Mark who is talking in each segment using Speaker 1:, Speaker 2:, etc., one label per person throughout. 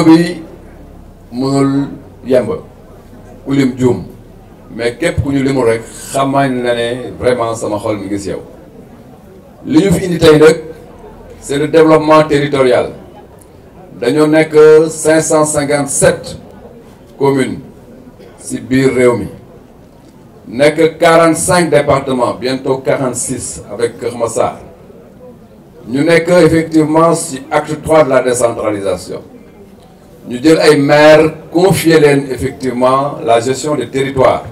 Speaker 1: réseau bi mënul yemb ku juum mais képp ku ñu limul rek xamal na ne vraiment sama xol mi ngi yow li ñu fi indi tey nag c'est le développement territorial dañoo nekk 557 communes si biir réew mi nekk cinq 45 départements bientôt 46 avec Kër Massar ñu nekk effectivement si acte 3 de la décentralisation. ñu jël ay maire confier leen effectivement la gestion des territoires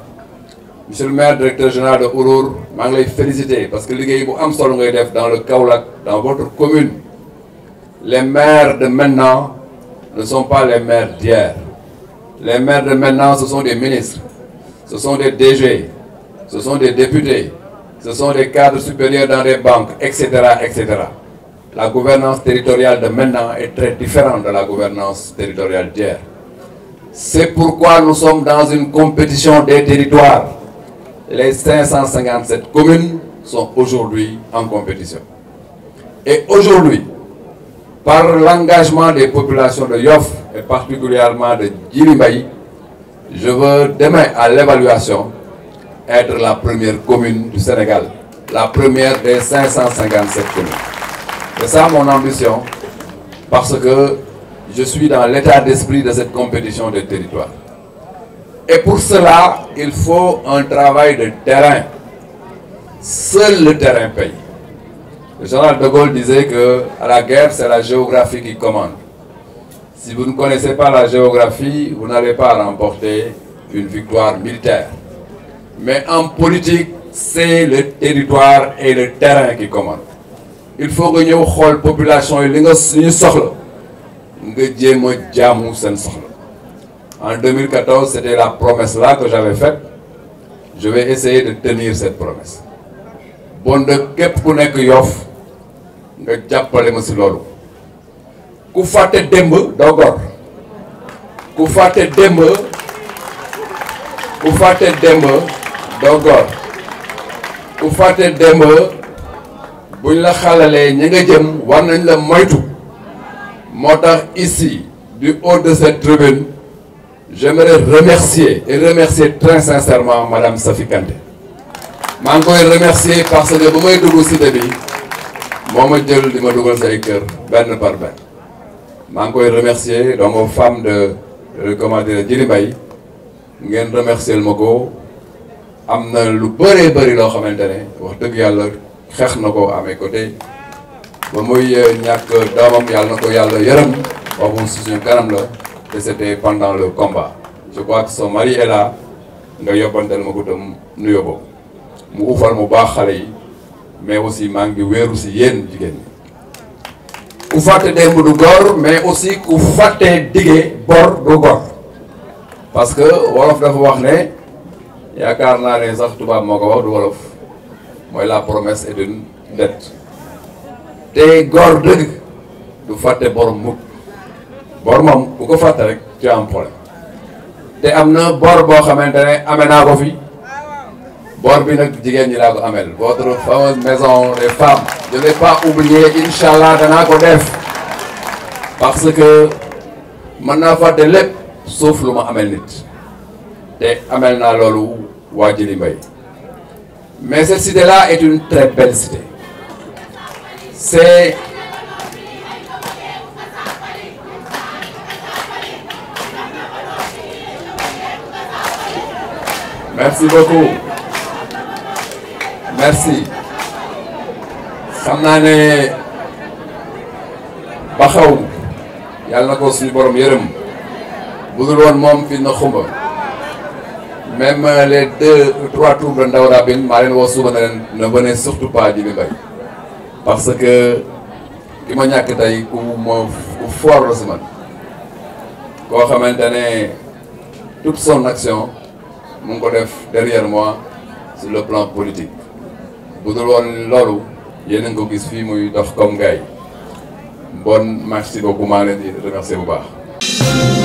Speaker 1: monsieur le maire directeur général de Ourour maa ngi lay féliciter parce que liggéey bu am solo ngay def dans le Kaolack dans votre commune les maires de maintenant ne sont pas les maires d'hier les maires de maintenant ce sont des ministres ce sont des DG ce sont des députés ce sont des cadres supérieurs dans des banques etc etc La gouvernance territoriale de maintenant est très différente de la gouvernance territoriale d'hier. C'est pourquoi nous sommes dans une compétition Les 557 communes sont aujourd'hui en compétition. Et aujourd'hui, par l'engagement des populations de Yoff et particulièrement de Djiribaï, je à l'évaluation la première commune du Sénégal, la première des 557 communes. C'est ça mon ambition, parce que je suis dans l'état d'esprit de cette compétition de territoire. Et pour cela, il faut un travail de terrain. Seul le terrain paye. Le général de Gaulle disait que à la guerre, c'est la géographie qui commande. Si vous ne connaissez pas la géographie, vous n'allez pas remporter une victoire militaire. Mais en politique, c'est le territoire et le terrain qui commandent. il faut nga ñëw xool population yi li nga ñu soxla nga jéem a jaamu seen soxla en 2014 c'était la promesse là que j'avais faite je vais essayer de tenir cette promesse bon képp ku nekk Yoff nga jàppale ma si loolu ku fàtte démb doo gor ku fàtte démb ku ku fàtte démb ñu la xalalee ñi nga jëm war nañ la moytu moo tax ici du haut de cette tribune j'aimerais remercier et remercier madame Safi maa ngi koy remercier parce que bu may dugg cité bi moo ma jël di ma dugal say kër benn par maa ngi koy remercier donc femme de euh, comment dire Djily Mbaye ngeen remercier ma ko am na lu bëree bëri loo xamante ne wax dëgg yàlla xeex na ko amee ko côtés ba muy euh, ñàkk doomam yàlla na ko yàlla yërëm boobu suñu kanam la te c'était pendant le combat je crois que son est là nga yóbbanteel ma ko tam nu yóbboo mu uufal mu baax xale yi mais aussi maa ngi wéeru si yéen jigéen ñi u fàtte démb du góor mais aussi ku fàtte digee bor du góor parce que wolof dafa wax ne yaakaar naa ne sax tubaab moo ko wax du wolof mooy la promesse est d'une dette te góor dëgg du fàtte bor mukk bor moom bu ko fàtte rek ci am problème te am na bor boo xamante ne amee naa ko fi bor bi nag jigéen ñi laa ko amel votre fameuse maison des femmes je vais pas oublier incha ko def parce que mën naa fàtte lépp suuf lu ma amel nit te amel naa loolu waa ji mbay Mais cette cité-là est une très belle cité. C'est Merci beaucoup. Merci. xam naa ne ba xaw yàlla na ko suñu borom yërëm budul moom fi na xumba même euh, les deux trois tours de Ndawra bin maa leen woo suba na leen ne venez surtout pas Djibi Mbaye parce que ki ma ñàkk tey ku ma ku fort la si man koo xamante ne toute son action mu ngi ko def derrière moi sur le plan politique bu dul woon loolu yéen a ngi ko gis fii muy dox comme gars yi bon merci beaucoup maa leen di bu baax.